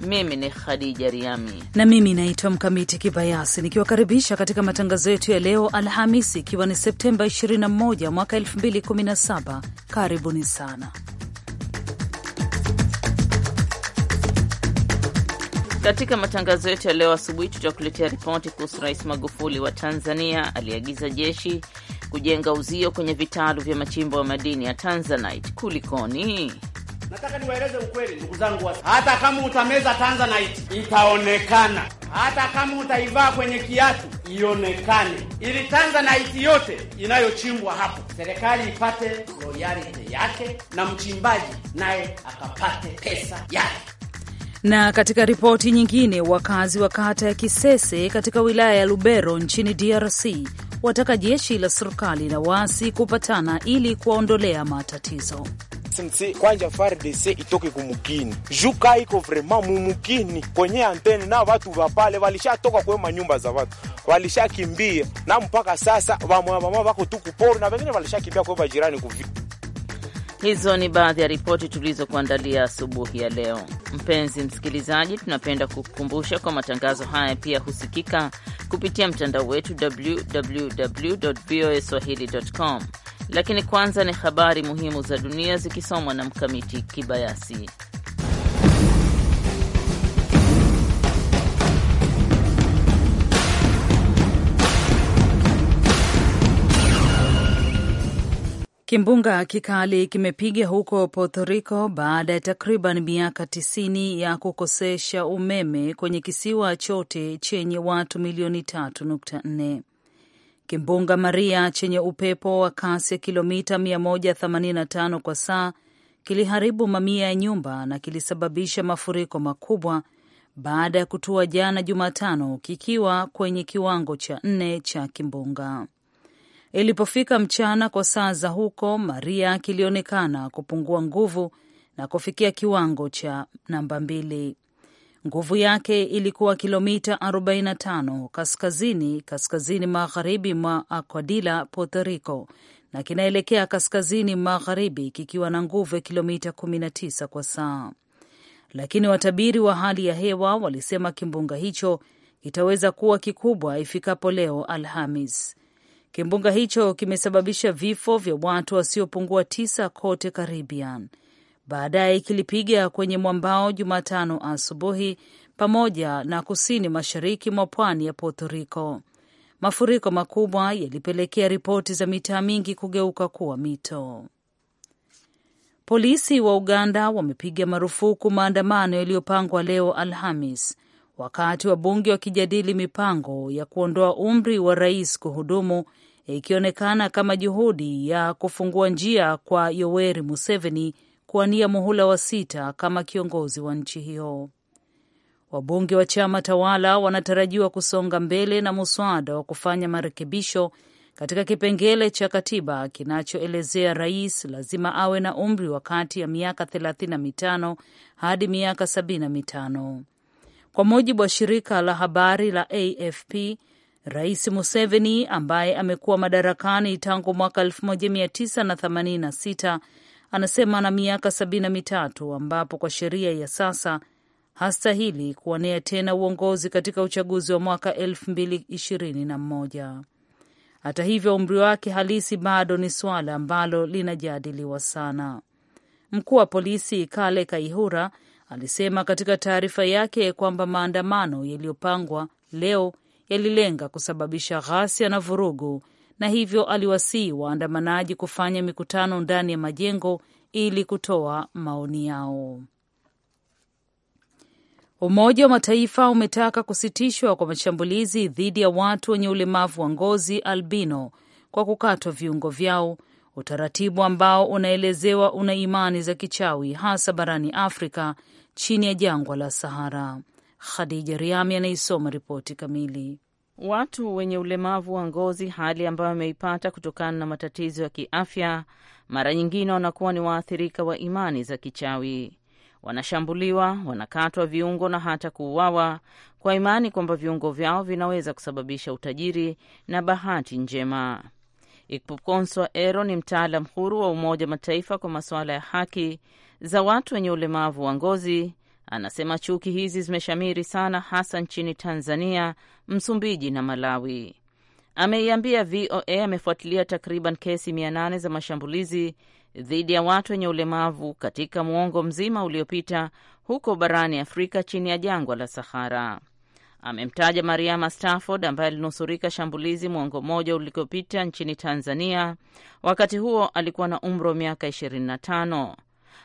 mimi ni Khadija Riami na mimi naitwa Mkamiti Kibayasi, nikiwakaribisha katika matangazo yetu ya leo Alhamisi, ikiwa ni Septemba 21 mwaka 2017. Karibuni sana katika matangazo yetu ya leo asubuhi. Tutakuletea ripoti kuhusu Rais Magufuli wa Tanzania aliyeagiza jeshi kujenga uzio kwenye vitalu vya machimbo ya madini ya Tanzanite. Kulikoni? Nataka niwaeleze ukweli ndugu zangu, hata kama utameza tanzanite itaonekana, hata kama utaivaa kwenye kiatu ionekane, ili tanzanite yote inayochimbwa hapo serikali ipate royalty yake na mchimbaji naye akapate pesa yake. Na katika ripoti nyingine, wakazi wa kata ya Kisese katika wilaya ya Lubero nchini DRC wataka jeshi la serikali na waasi kupatana ili kuwaondolea matatizo. FARDC kwanja FARDC itoke kumukini juka iko vrema mumukini kwenye antene, na watu vapale walishatoka kwe manyumba za watu walishakimbia, na mpaka sasa vamwamama wako tu kupori na vengine walishakimbia kwe vajirani kuvi. Hizo ni baadhi ya ripoti tulizokuandalia asubuhi ya leo. Mpenzi msikilizaji, tunapenda kukukumbusha kwa matangazo haya pia husikika kupitia mtandao wetu www voa swahili com lakini kwanza ni habari muhimu za dunia zikisomwa na Mkamiti Kibayasi. Kimbunga kikali kimepiga huko Puerto Rico baada ya takriban miaka tisini ya kukosesha umeme kwenye kisiwa chote chenye watu milioni tatu nukta nne. Kimbunga Maria chenye upepo wa kasi ya kilomita 185 kwa saa kiliharibu mamia ya nyumba na kilisababisha mafuriko makubwa baada ya kutua jana Jumatano, kikiwa kwenye kiwango cha nne cha kimbunga. Ilipofika mchana kwa saa za huko, Maria kilionekana kupungua nguvu na kufikia kiwango cha namba mbili. Nguvu yake ilikuwa kilomita 45 kaskazini kaskazini magharibi mwa Aguadilla, Puerto Rico, na kinaelekea kaskazini magharibi kikiwa na nguvu ya kilomita 19 kwa saa, lakini watabiri wa hali ya hewa walisema kimbunga hicho kitaweza kuwa kikubwa ifikapo leo Alhamis. Kimbunga hicho kimesababisha vifo vya watu wasiopungua tisa kote Caribbean baadaye kilipiga kwenye mwambao Jumatano asubuhi pamoja na kusini mashariki mwa pwani ya Puerto Rico. Mafuriko makubwa yalipelekea ripoti za mitaa mingi kugeuka kuwa mito. Polisi wa Uganda wamepiga marufuku maandamano yaliyopangwa leo Alhamis, wakati wa bunge wakijadili mipango ya kuondoa umri wa rais kuhudumu, ikionekana kama juhudi ya kufungua njia kwa Yoweri Museveni kuwania muhula wa sita kama kiongozi wa nchi hiyo. Wabunge wa chama tawala wanatarajiwa kusonga mbele na muswada wa kufanya marekebisho katika kipengele cha katiba kinachoelezea rais lazima awe na umri wa kati ya miaka thelathini na mitano hadi miaka sabini na mitano. Kwa mujibu wa shirika la habari la AFP, Rais Museveni ambaye amekuwa madarakani tangu mwaka 1986 anasema ana miaka sabini na mitatu ambapo kwa sheria ya sasa hastahili kuonea tena uongozi katika uchaguzi wa mwaka elfu mbili ishirini na mmoja. Hata hivyo umri wake halisi bado ni suala ambalo linajadiliwa sana. Mkuu wa polisi Kale Kaihura alisema katika taarifa yake kwamba maandamano yaliyopangwa leo yalilenga kusababisha ghasia na vurugu na hivyo aliwasihi waandamanaji kufanya mikutano ndani ya majengo ili kutoa maoni yao. Umoja wa Mataifa umetaka kusitishwa kwa mashambulizi dhidi ya watu wenye ulemavu wa ngozi albino kwa kukatwa viungo vyao, utaratibu ambao unaelezewa una imani za kichawi hasa barani Afrika chini ya jangwa la Sahara. Khadija Riami anaisoma ripoti kamili watu wenye ulemavu wa ngozi, hali ambayo wameipata kutokana na matatizo ya kiafya, mara nyingine wanakuwa ni waathirika wa imani za kichawi. Wanashambuliwa, wanakatwa viungo na hata kuuawa kwa imani kwamba viungo vyao vinaweza kusababisha utajiri na bahati njema. Ikpokonswa Ero ni mtaalam huru wa Umoja Mataifa kwa masuala ya haki za watu wenye ulemavu wa ngozi Anasema chuki hizi zimeshamiri sana, hasa nchini Tanzania, Msumbiji na Malawi. Ameiambia VOA amefuatilia takriban kesi 800 za mashambulizi dhidi ya watu wenye ulemavu katika mwongo mzima uliopita huko barani Afrika chini ya jangwa la Sahara. Amemtaja Mariama Stafford ambaye alinusurika shambulizi mwongo mmoja uliopita nchini Tanzania. Wakati huo alikuwa na umri wa miaka 25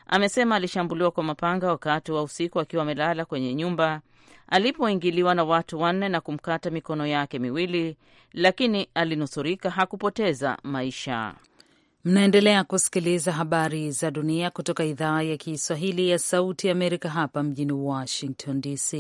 amesema alishambuliwa kwa mapanga wakati wa usiku akiwa amelala kwenye nyumba alipoingiliwa na watu wanne na kumkata mikono yake miwili, lakini alinusurika, hakupoteza maisha. Mnaendelea kusikiliza habari za dunia kutoka idhaa ya Kiswahili ya Sauti ya Amerika hapa mjini Washington DC.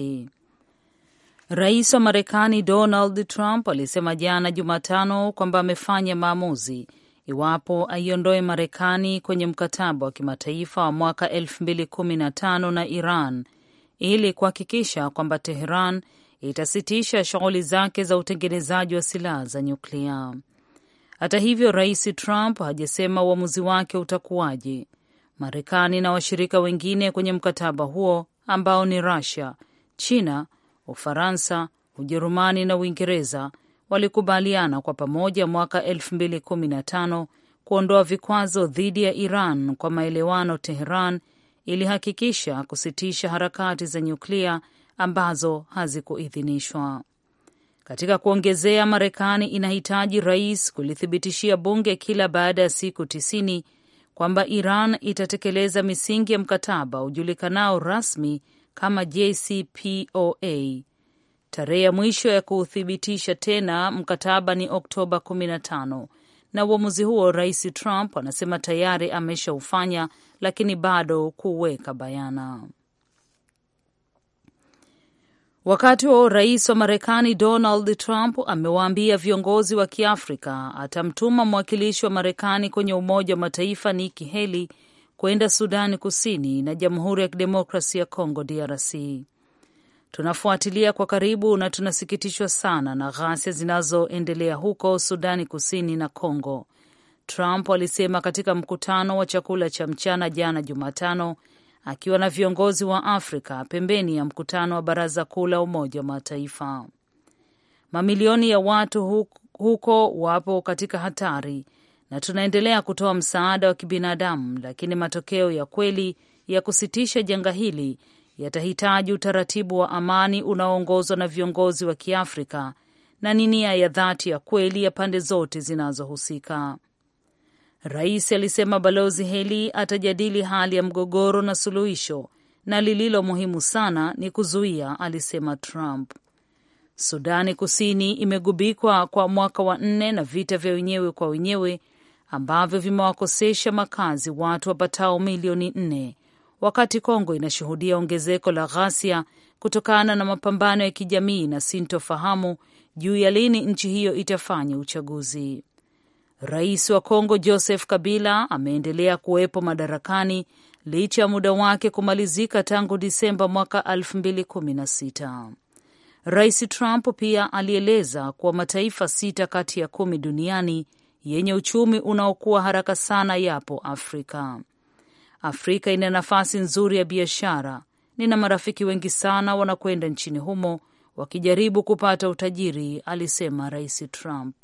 Rais wa Marekani Donald Trump alisema jana Jumatano kwamba amefanya maamuzi iwapo aiondoe Marekani kwenye mkataba wa kimataifa wa mwaka 2015 na Iran ili kuhakikisha kwamba Teheran itasitisha shughuli zake za utengenezaji wa silaha za nyuklia. Hata hivyo, Rais Trump hajasema uamuzi wake utakuwaje. Marekani na washirika wengine kwenye mkataba huo ambao ni rasia China, Ufaransa, Ujerumani na Uingereza walikubaliana kwa pamoja mwaka 2015 kuondoa vikwazo dhidi ya Iran kwa maelewano. Teheran ilihakikisha kusitisha harakati za nyuklia ambazo hazikuidhinishwa. Katika kuongezea, Marekani inahitaji rais kulithibitishia bunge kila baada ya siku tisini kwamba Iran itatekeleza misingi ya mkataba ujulikanao rasmi kama JCPOA Tarehe ya mwisho ya kuuthibitisha tena mkataba ni Oktoba 15 na uamuzi huo Rais Trump anasema tayari ameshaufanya lakini bado kuweka bayana. Wakati huo rais wa Marekani Donald Trump amewaambia viongozi wa Kiafrika atamtuma mwakilishi wa Marekani kwenye Umoja wa Mataifa Nikki Haley kwenda Sudani Kusini na Jamhuri ya Kidemokrasi ya Kongo DRC. Tunafuatilia kwa karibu na tunasikitishwa sana na ghasia zinazoendelea huko Sudani Kusini na Kongo, Trump alisema katika mkutano wa chakula cha mchana jana Jumatano, akiwa na viongozi wa Afrika pembeni ya mkutano wa Baraza Kuu la Umoja wa Mataifa. Mamilioni ya watu huko wapo katika hatari na tunaendelea kutoa msaada wa kibinadamu, lakini matokeo ya kweli ya kusitisha janga hili yatahitaji utaratibu wa amani unaoongozwa na viongozi wa Kiafrika na ni nia ya dhati ya kweli ya pande zote zinazohusika. Rais alisema Balozi Heli atajadili hali ya mgogoro na suluhisho, na lililo muhimu sana ni kuzuia, alisema Trump. Sudani Kusini imegubikwa kwa mwaka wa nne na vita vya wenyewe kwa wenyewe ambavyo vimewakosesha makazi watu wapatao milioni nne wakati Kongo inashuhudia ongezeko la ghasia kutokana na mapambano ya kijamii na sintofahamu juu ya lini nchi hiyo itafanya uchaguzi. Rais wa Kongo Joseph Kabila ameendelea kuwepo madarakani licha ya muda wake kumalizika tangu Disemba mwaka 2016. Rais Trump pia alieleza kuwa mataifa sita kati ya kumi duniani yenye uchumi unaokuwa haraka sana yapo Afrika. Afrika ina nafasi nzuri ya biashara. Nina marafiki wengi sana wanakwenda nchini humo wakijaribu kupata utajiri, alisema Rais Trump.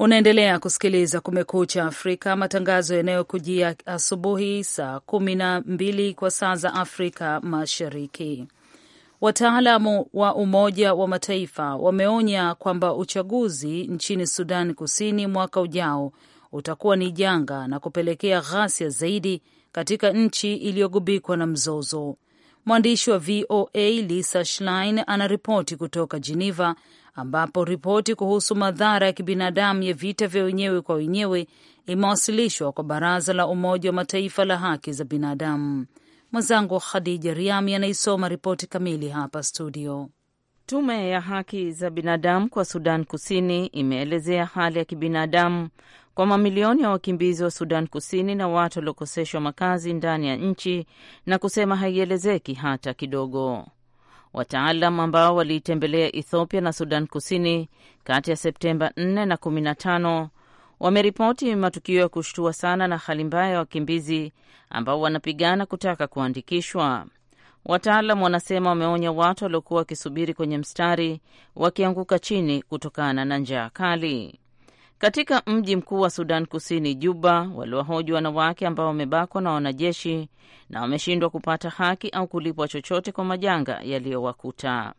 Unaendelea kusikiliza Kumekucha Afrika, matangazo yanayokujia asubuhi saa kumi na mbili kwa saa za Afrika Mashariki. Wataalamu wa Umoja wa Mataifa wameonya kwamba uchaguzi nchini Sudan Kusini mwaka ujao utakuwa ni janga na kupelekea ghasia zaidi katika nchi iliyogubikwa na mzozo. Mwandishi wa VOA Lisa Schlein anaripoti kutoka Geneva ambapo ripoti kuhusu madhara ya kibinadamu ya vita vya wenyewe kwa wenyewe imewasilishwa kwa Baraza la Umoja wa Mataifa la Haki za Binadamu. Mwenzangu Khadija Riami anaisoma ripoti kamili hapa studio. Tume ya haki za binadamu kwa Sudan Kusini imeelezea hali ya kibinadamu kwa mamilioni ya wakimbizi wa Sudan Kusini na watu waliokoseshwa makazi ndani ya nchi na kusema haielezeki hata kidogo. Wataalam ambao waliitembelea Ethiopia na Sudan Kusini kati ya Septemba 4 na 15 wameripoti matukio ya kushtua sana na hali mbaya ya wakimbizi ambao wanapigana kutaka kuandikishwa. Wataalam wanasema wameonya watu waliokuwa wakisubiri kwenye mstari wakianguka chini kutokana na njaa kali. Katika mji mkuu wa Sudan Kusini, Juba, waliwahoji wanawake ambao wamebakwa na wanajeshi na wameshindwa kupata haki au kulipwa chochote kwa majanga yaliyowakuta.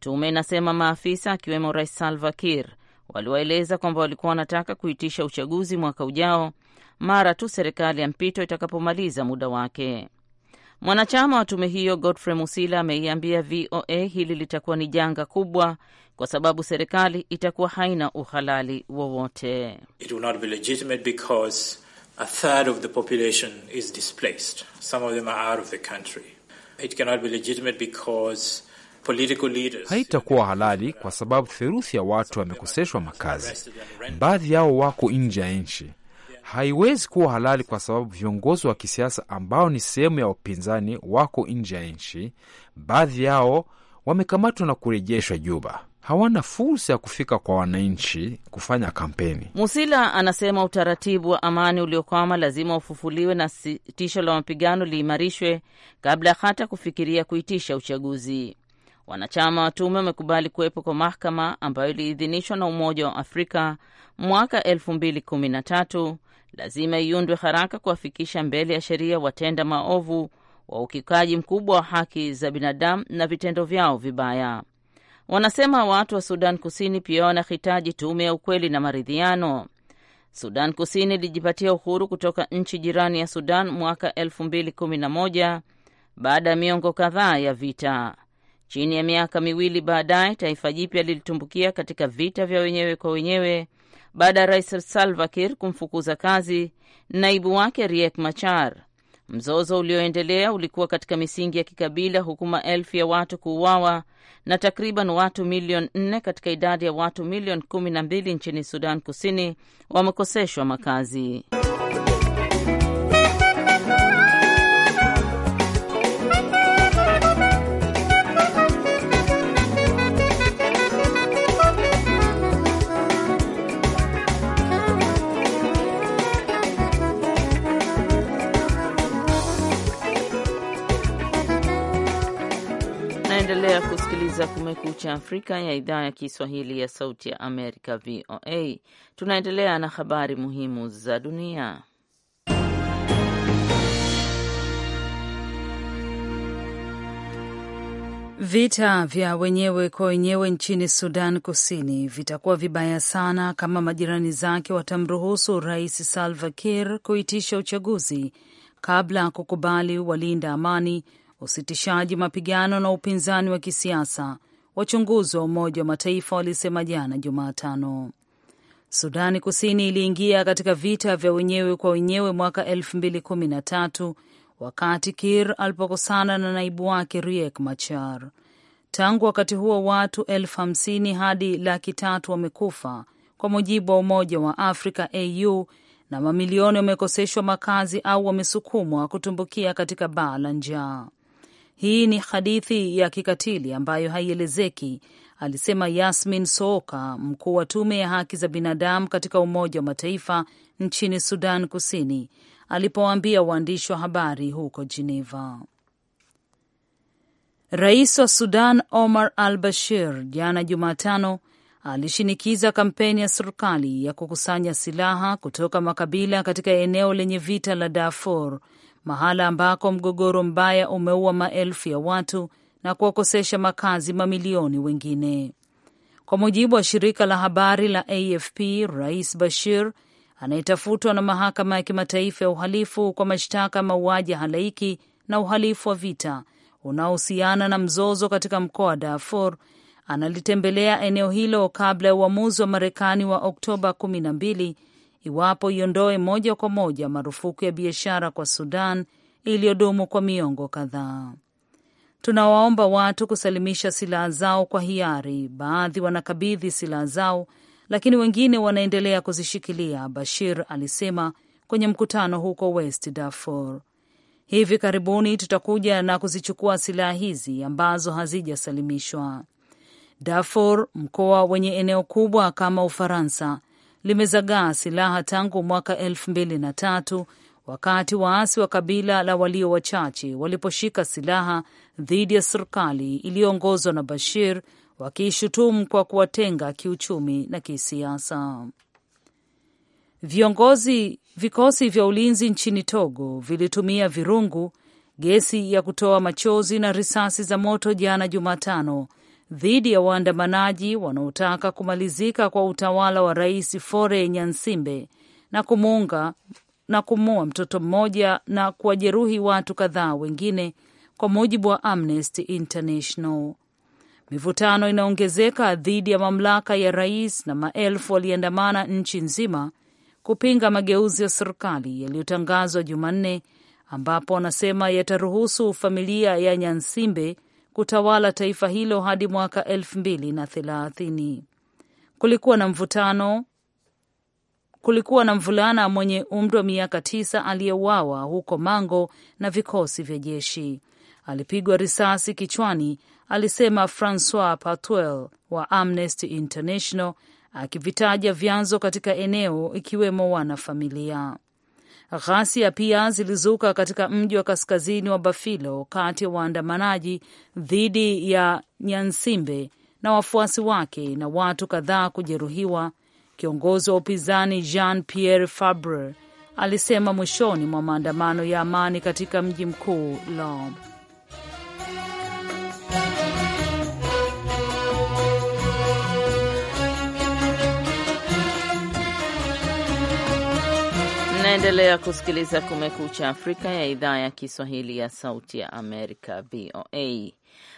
Tume inasema maafisa akiwemo Rais Salva Kir waliwaeleza kwamba walikuwa wanataka kuitisha uchaguzi mwaka ujao mara tu serikali ya mpito itakapomaliza muda wake. Mwanachama wa tume hiyo Godfrey Musila ameiambia VOA hili litakuwa ni janga kubwa kwa sababu serikali itakuwa haina uhalali wowote. Haitakuwa halali kwa sababu theruthi ya watu wamekoseshwa makazi, baadhi yao wako nje ya nchi. Haiwezi kuwa halali kwa sababu viongozi wa kisiasa ambao ni sehemu ya upinzani wako nje ya nchi, baadhi yao wamekamatwa na kurejeshwa Juba hawana fursa ya kufika kwa wananchi kufanya kampeni. Musila anasema utaratibu wa amani uliokwama lazima ufufuliwe na sitisho la mapigano liimarishwe kabla hata kufikiria kuitisha uchaguzi. Wanachama wa tume wamekubali kuwepo kwa mahakama ambayo iliidhinishwa na Umoja wa Afrika mwaka elfu mbili kumi na tatu. Lazima iundwe haraka kuwafikisha mbele ya sheria watenda maovu wa ukiukaji mkubwa wa haki za binadamu na vitendo vyao vibaya. Wanasema watu wa Sudan Kusini pia wanahitaji tume ya ukweli na maridhiano. Sudan Kusini ilijipatia uhuru kutoka nchi jirani ya Sudan mwaka 2011 baada ya miongo kadhaa ya vita. Chini ya miaka miwili baadaye, taifa jipya lilitumbukia katika vita vya wenyewe kwa wenyewe baada ya Rais Salva Kiir kumfukuza kazi naibu wake Riek Machar. Mzozo ulioendelea ulikuwa katika misingi ya kikabila huku maelfu ya watu kuuawa na takriban watu milioni nne katika idadi ya watu milioni kumi na mbili nchini Sudan Kusini wamekoseshwa makazi. Unaendelea kusikiliza Kumekucha Afrika ya idhaa ya Kiswahili ya Sauti ya Amerika, VOA. Tunaendelea na habari muhimu za dunia. Vita vya wenyewe kwa wenyewe nchini Sudan Kusini vitakuwa vibaya sana kama majirani zake watamruhusu Rais Salva Kiir kuitisha uchaguzi kabla kukubali walinda amani usitishaji mapigano na upinzani wa kisiasa, wachunguzi wa Umoja wa Mataifa walisema jana Jumatano. Sudani Kusini iliingia katika vita vya wenyewe kwa wenyewe mwaka elfu mbili kumi na tatu wakati Kir alipokosana na naibu wake Riek Machar. Tangu wakati huo watu elfu hamsini hadi laki tatu wamekufa kwa mujibu wa Umoja wa Afrika au na mamilioni wamekoseshwa makazi au wamesukumwa kutumbukia katika baa la njaa. Hii ni hadithi ya kikatili ambayo haielezeki, alisema Yasmin Sooka, mkuu wa tume ya haki za binadamu katika Umoja wa Mataifa nchini Sudan Kusini, alipowaambia waandishi wa habari huko Geneva. Rais wa Sudan Omar al Bashir jana Jumatano alishinikiza kampeni ya serikali ya kukusanya silaha kutoka makabila katika eneo lenye vita la Darfur mahala ambako mgogoro mbaya umeua maelfu ya watu na kuwakosesha makazi mamilioni wengine. Kwa mujibu wa shirika la habari la AFP, Rais Bashir anayetafutwa na mahakama ya kimataifa ya uhalifu kwa mashtaka ya mauaji halaiki na uhalifu wa vita unaohusiana na mzozo katika mkoa wa Darfur analitembelea eneo hilo kabla ya uamuzi wa Marekani wa Oktoba kumi na mbili iwapo iondoe moja kwa moja marufuku ya biashara kwa Sudan iliyodumu kwa miongo kadhaa. Tunawaomba watu kusalimisha silaha zao kwa hiari. Baadhi wanakabidhi silaha zao, lakini wengine wanaendelea kuzishikilia, Bashir alisema kwenye mkutano huko West Darfur. Hivi karibuni tutakuja na kuzichukua silaha hizi ambazo hazijasalimishwa. Darfur, mkoa wenye eneo kubwa kama Ufaransa, limezagaa silaha tangu mwaka elfu mbili na tatu wakati waasi wa kabila la walio wachache waliposhika silaha dhidi ya serikali iliyoongozwa na Bashir, wakiishutumu kwa kuwatenga kiuchumi na kisiasa. Viongozi vikosi vya ulinzi nchini Togo vilitumia virungu, gesi ya kutoa machozi na risasi za moto jana Jumatano dhidi ya waandamanaji wanaotaka kumalizika kwa utawala wa Rais fore Nyansimbe na kumuunga na kumua mtoto mmoja na kuwajeruhi watu kadhaa wengine, kwa mujibu wa Amnesty International. Mivutano inaongezeka dhidi ya mamlaka ya rais na maelfu waliandamana nchi nzima kupinga mageuzi ya serikali yaliyotangazwa Jumanne, ambapo wanasema yataruhusu familia ya Nyansimbe kutawala taifa hilo hadi mwaka elfu mbili na thelathini. Kulikuwa na mvutano Kulikuwa na mvulana mwenye umri wa miaka tisa aliyeuawa huko Mango na vikosi vya jeshi. Alipigwa risasi kichwani, alisema Francois Patuel wa Amnesty International, akivitaja vyanzo katika eneo ikiwemo wanafamilia. Ghasia pia zilizuka katika mji wa kaskazini wa Bafilo kati ya waandamanaji dhidi ya Nyansimbe na wafuasi wake na watu kadhaa kujeruhiwa. Kiongozi wa upinzani Jean Pierre Fabre alisema mwishoni mwa maandamano ya amani katika mji mkuu Lome. Unaendelea kusikiliza Kumekucha Afrika ya idhaa ya Kiswahili ya Sauti ya Amerika, VOA.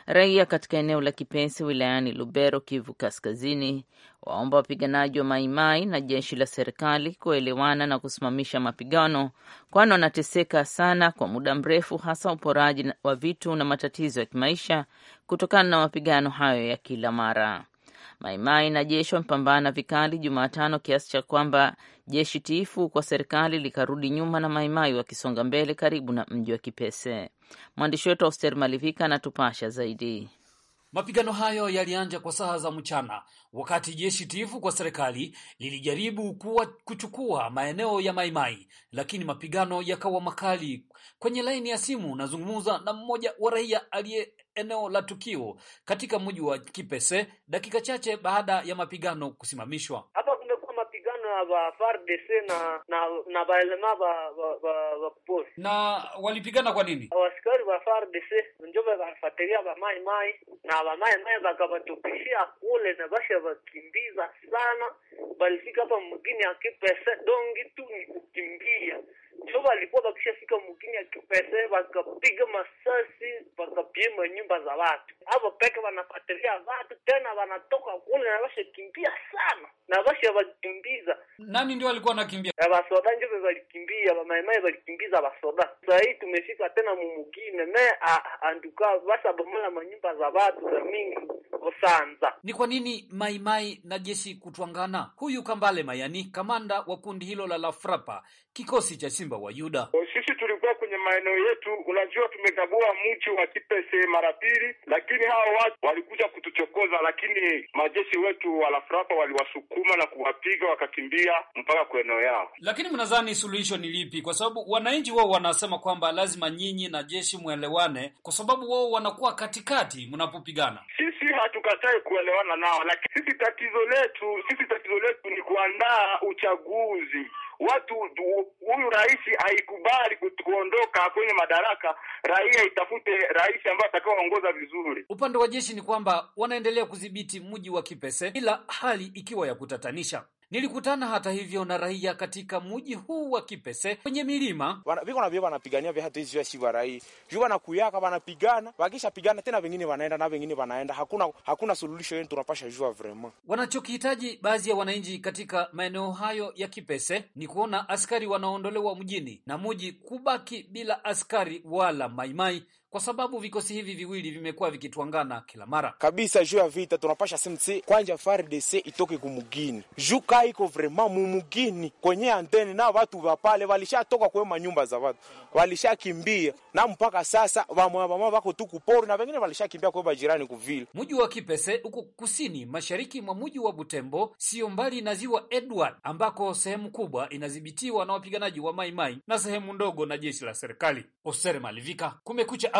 Raia katika eneo la Kipensi wilayani Lubero, Kivu Kaskazini, waomba wapiganaji wa Maimai na jeshi la serikali kuelewana na kusimamisha mapigano, kwani wanateseka sana kwa muda mrefu, hasa uporaji wa vitu na matatizo ya kimaisha kutokana na mapigano hayo ya kila mara. Maimai na jeshi wamepambana vikali Jumatano kiasi cha kwamba jeshi tiifu kwa serikali likarudi nyuma na Maimai wakisonga mbele karibu na mji wa Kipese. Mwandishi wetu Auster Malivika anatupasha zaidi. Mapigano hayo yalianza kwa saa za mchana wakati jeshi tiifu kwa serikali lilijaribu kuwa kuchukua maeneo ya Maimai, lakini mapigano yakawa makali. Kwenye laini ya simu nazungumza na mmoja wa raia aliye eneo la tukio katika mji wa Kipese dakika chache baada ya mapigano kusimamishwa wa FARDC na na na baelema ba ba kuposi na walipigana kwa nini? Wasikari wa FARDC njobe balifuatilia ba mai mai na ba mai mai bakabatupishia kule na basha bakimbiza sana, balifika hapa mgini kipese dongi tu ni kukimbia njo walikuwa bakishafika mgini ya kipese, bakapiga masasi, bakapiema nyumba za watu. Hapo peke wanafatilia watu tena, wanatoka kule na basha kimbia sana, na basha wakimbiza nani ndio alikuwa anakimbia? basoda ndio walikimbia, bamaimai walikimbiza basoda. Sasa hii tumefika tena mumugine me anduka basa bomola manyumba za watu za mingi osanza. Ni kwa nini maimai na jeshi kutwangana? Huyu Kambale Mayani, kamanda wa kundi hilo la Lafrapa, kikosi cha Simba wa Yuda. Sisi tulikuwa maeneo yetu, unajua tumekagua mji wa Kipese mara pili, lakini hao watu walikuja kutuchokoza, lakini majeshi wetu walafrapa waliwasukuma na kuwapiga wakakimbia mpaka kwa eneo yao. Lakini mnadhani suluhisho ni lipi? Kwa sababu wananchi wao wanasema kwamba lazima nyinyi na jeshi mwelewane, kwa sababu wao wanakuwa katikati mnapopigana. Sisi hatukatai kuelewana nao, lakini sisi tatizo letu sisi tatizo letu ni kuandaa uchaguzi watu, huyu rais haikubali kuondoka kwenye madaraka, raia itafute rais ambaye atakaoongoza vizuri. Upande wa jeshi ni kwamba wanaendelea kudhibiti mji wa Kipese, ila hali ikiwa ya kutatanisha. Nilikutana hata hivyo na raia katika mji huu wa Kipese kwenye milima viko navyo wanapigania vya hata vya shiva rai juu wanakuyaka wanapigana, wakisha pigana tena vingine wanaenda na vingine wanaenda, hakuna hakuna suluhisho yetu tunapasha jua vraiment. Wanachokihitaji baadhi ya wananchi katika maeneo hayo ya Kipese ni kuona askari wanaondolewa mjini na mji kubaki bila askari wala maimai kwa sababu vikosi hivi viwili vimekuwa vikitwangana kila mara kabisa juu ya vita. Tunapasha simsi kwanja FARDC itoke kumugini juu iko vrema mumugini kwenye antene na watu wa walishatoka kwe manyumba za watu walishakimbia, na mpaka sasa vamwa vamwa wako tu kupori na wengine walishakimbia kwe jirani kuvile Muji wa Kipese uko kusini mashariki mwa muji wa Butembo, sio mbali na ziwa Edward ambako sehemu kubwa inadhibitiwa na wapiganaji wa Maimai mai, na sehemu ndogo na jeshi la serikali. Osere Malivika, kumekucha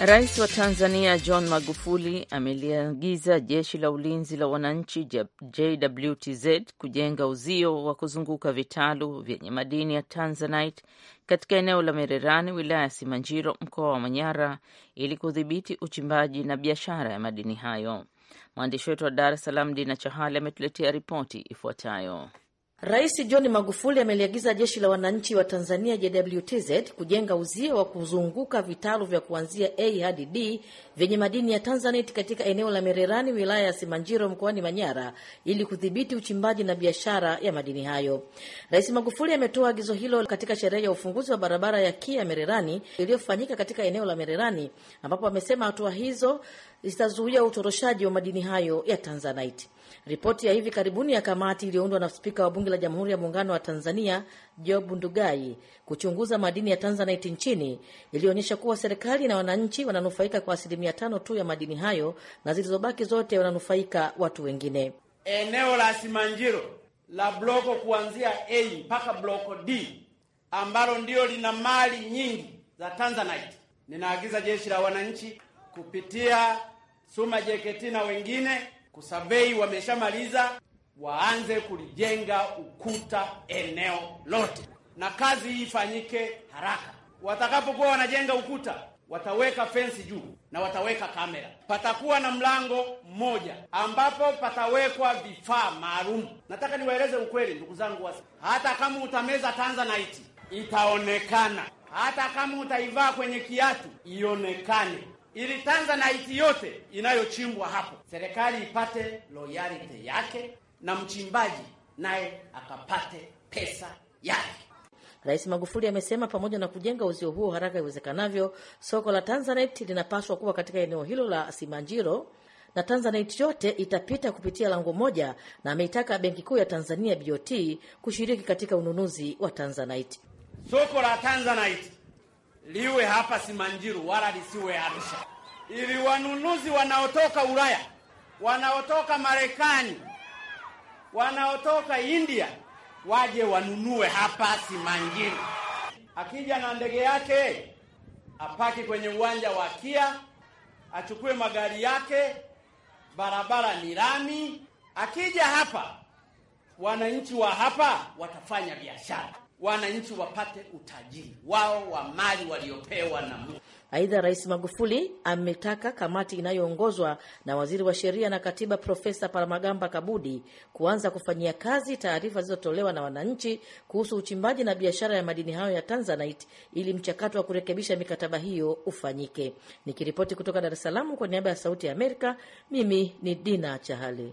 Rais wa Tanzania John Magufuli ameliagiza jeshi la ulinzi la wananchi JWTZ kujenga uzio wa kuzunguka vitalu vyenye madini ya Tanzanite katika eneo la Mererani, wilaya ya Simanjiro, mkoa wa Manyara, ili kudhibiti uchimbaji na biashara ya madini hayo. Mwandishi wetu wa Dar es Salaam, Dina Chahali, ametuletea ripoti ifuatayo. Rais John Magufuli ameliagiza Jeshi la Wananchi wa Tanzania JWTZ kujenga uzio wa kuzunguka vitalu vya kuanzia A hadi D vyenye madini ya Tanzanite katika eneo la Mererani, wilaya ya Simanjiro, mkoani Manyara, ili kudhibiti uchimbaji na biashara ya madini hayo. Rais Magufuli ametoa agizo hilo katika sherehe ya ufunguzi wa barabara ya Kia Mererani iliyofanyika katika eneo la Mererani, ambapo amesema hatua hizo zitazuia utoroshaji wa madini hayo ya Tanzanite. Ripoti ya hivi karibuni ya kamati iliyoundwa na spika wa bunge la Jamhuri ya Muungano wa Tanzania Job Ndugai kuchunguza madini ya Tanzanite nchini ilionyesha kuwa serikali na wananchi wananufaika kwa asilimia tano tu ya madini hayo na zilizobaki zote wananufaika watu wengine. Eneo la Simanjiro la bloko kuanzia A mpaka bloko D ambalo ndiyo lina mali nyingi za Tanzanite, ninaagiza jeshi la wananchi kupitia SUMA JKT na wengine kusavei wameshamaliza, waanze kulijenga ukuta eneo lote, na kazi hii ifanyike haraka. Watakapokuwa wanajenga ukuta, wataweka fensi juu na wataweka kamera. Patakuwa na mlango mmoja ambapo patawekwa vifaa maalum. Nataka niwaeleze ukweli, ndugu zangu, hata kama utameza tanzanite itaonekana, hata kama utaivaa kwenye kiatu ionekane ili Tanzanite yote inayochimbwa hapo serikali ipate loyalty yake na mchimbaji naye akapate pesa yake. Rais Magufuli amesema pamoja na kujenga uzio huo haraka iwezekanavyo, soko la Tanzanite linapaswa kuwa katika eneo hilo la Simanjiro na Tanzanite yote itapita kupitia lango moja, na ameitaka Benki Kuu ya Tanzania BOT kushiriki katika ununuzi wa Tanzanite. Soko la Tanzanite liwe hapa Simanjiru wala lisiwe Arusha, ili wanunuzi wanaotoka Ulaya, wanaotoka Marekani, wanaotoka India waje wanunue hapa Simanjiro. Akija na ndege yake apaki kwenye uwanja wa Kia, achukue magari yake, barabara ni lami. Akija hapa, wananchi wa hapa watafanya biashara wananchi wapate utajiri wao wa mali waliopewa na Mungu. Aidha, Rais Magufuli ametaka kamati inayoongozwa na waziri wa sheria na katiba Profesa Palamagamba Kabudi kuanza kufanyia kazi taarifa zilizotolewa na wananchi kuhusu uchimbaji na biashara ya madini hayo ya Tanzanite ili mchakato wa kurekebisha mikataba hiyo ufanyike. Nikiripoti kutoka Dar es Salaam kwa niaba ya Sauti ya Amerika, mimi ni Dina Chahali.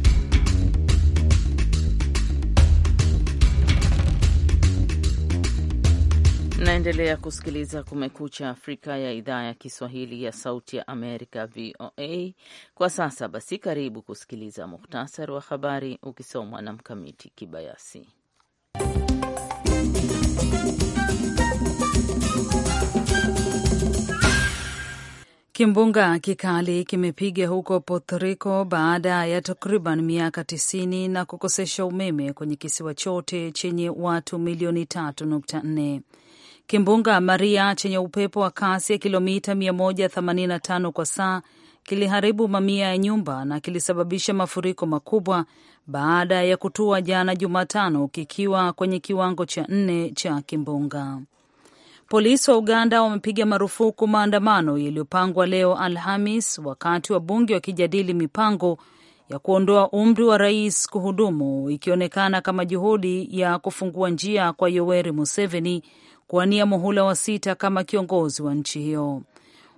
Naendelea kusikiliza Kumekucha Afrika ya idhaa ya Kiswahili ya Sauti ya Amerika, VOA. Kwa sasa basi, karibu kusikiliza muhtasari wa habari ukisomwa na Mkamiti Kibayasi. Kimbunga kikali kimepiga huko Puerto Rico baada ya takriban miaka tisini na kukosesha umeme kwenye kisiwa chote chenye watu milioni tatu nukta nne. Kimbunga Maria chenye upepo wa kasi ya kilomita 185 kwa saa kiliharibu mamia ya nyumba na kilisababisha mafuriko makubwa baada ya kutua jana Jumatano, kikiwa kwenye kiwango cha nne cha kimbunga. Polisi wa Uganda wamepiga marufuku maandamano yaliyopangwa leo Alhamis, wakati wa bunge wakijadili mipango ya kuondoa umri wa rais kuhudumu, ikionekana kama juhudi ya kufungua njia kwa Yoweri Museveni kuwania muhula wa sita kama kiongozi wa nchi hiyo.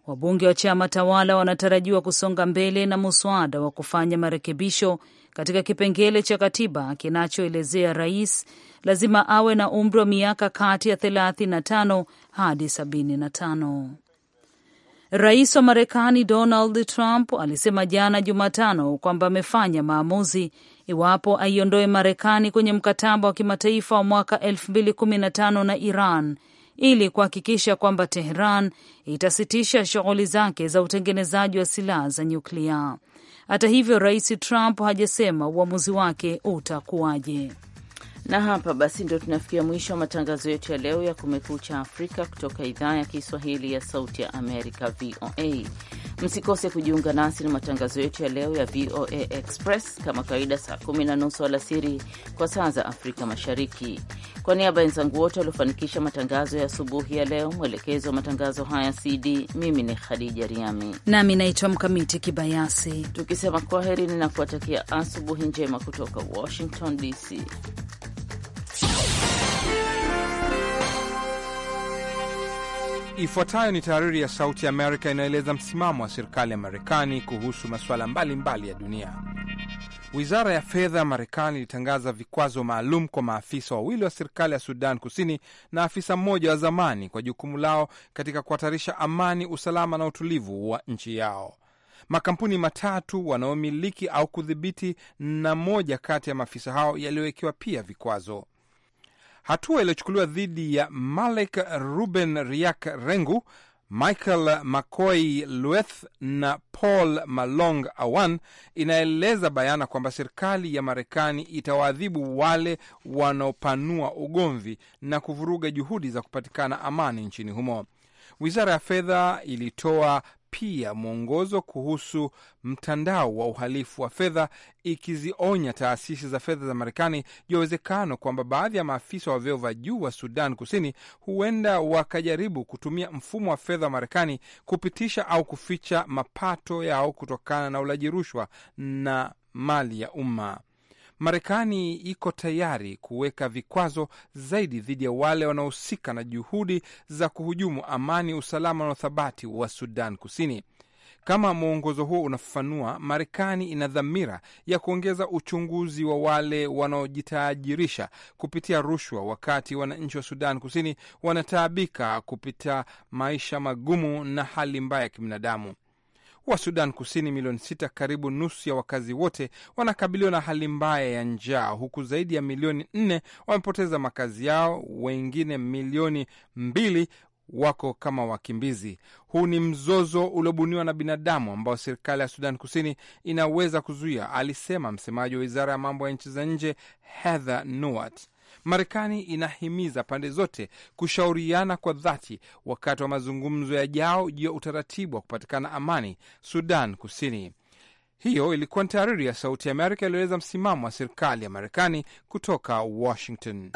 Wabunge wa chama tawala wanatarajiwa kusonga mbele na muswada wa kufanya marekebisho katika kipengele cha katiba kinachoelezea rais lazima awe na umri wa miaka kati ya 35 hadi 75. Rais wa Marekani Donald Trump alisema jana Jumatano kwamba amefanya maamuzi iwapo aiondoe Marekani kwenye mkataba wa kimataifa wa mwaka 2015 na Iran ili kuhakikisha kwamba Tehran itasitisha shughuli zake za utengenezaji wa silaha za nyuklia. Hata hivyo, Rais Trump hajasema uamuzi wake utakuwaje. Na hapa basi ndo tunafikia mwisho wa matangazo yetu ya leo ya Kumekucha Afrika kutoka idhaa ya Kiswahili ya Sauti ya Amerika, VOA. Msikose kujiunga nasi na matangazo yetu ya leo ya VOA Express kama kawaida, saa kumi na nusu alasiri kwa saa za Afrika Mashariki. Kwa niaba ya wenzangu wote waliofanikisha matangazo ya asubuhi ya leo, mwelekezi wa matangazo haya CD, mimi ni Khadija Riami nami naitwa Mkamiti Kibayasi, tukisema kwa ninakuwatakia asubuhi njema kutoka Washington DC. Ifuatayo ni tahariri ya Sauti ya Amerika inayoeleza msimamo wa serikali ya Marekani kuhusu masuala mbalimbali ya dunia. Wizara ya fedha ya Marekani ilitangaza vikwazo maalum kwa maafisa wawili wa serikali ya Sudan Kusini na afisa mmoja wa zamani kwa jukumu lao katika kuhatarisha amani, usalama na utulivu wa nchi yao. Makampuni matatu wanaomiliki au kudhibiti na moja kati ya maafisa hao yaliyowekewa pia vikwazo hatua iliyochukuliwa dhidi ya malek Ruben Riak Rengu, Michael Macoy Lueth na Paul Malong Awan inaeleza bayana kwamba serikali ya Marekani itawaadhibu wale wanaopanua ugomvi na kuvuruga juhudi za kupatikana amani nchini humo. Wizara ya fedha ilitoa pia mwongozo kuhusu mtandao wa uhalifu wa fedha, ikizionya taasisi za fedha za Marekani juu ya uwezekano kwamba baadhi ya maafisa wa vyeo vya juu wa Sudan Kusini huenda wakajaribu kutumia mfumo wa fedha wa Marekani kupitisha au kuficha mapato yao kutokana na ulaji rushwa na mali ya umma. Marekani iko tayari kuweka vikwazo zaidi dhidi ya wale wanaohusika na juhudi za kuhujumu amani, usalama na uthabati wa Sudan Kusini. Kama mwongozo huo unafafanua, Marekani ina dhamira ya kuongeza uchunguzi wa wale wanaojitajirisha kupitia rushwa, wakati wananchi wa Sudan Kusini wanataabika kupita maisha magumu na hali mbaya ya kibinadamu wa Sudan Kusini milioni sita, karibu nusu ya wakazi wote, wanakabiliwa na hali mbaya ya njaa, huku zaidi ya milioni nne wamepoteza makazi yao, wengine milioni mbili wako kama wakimbizi. Huu ni mzozo uliobuniwa na binadamu ambao serikali ya Sudan Kusini inaweza kuzuia, alisema msemaji wa wizara ya mambo ya nchi za nje Heather Nauert. Marekani inahimiza pande zote kushauriana kwa dhati wakati wa mazungumzo yajao juu ya utaratibu wa kupatikana amani Sudan Kusini. Hiyo ilikuwa ni tahariri ya Sauti ya Amerika iliyoeleza msimamo wa serikali ya Marekani kutoka Washington.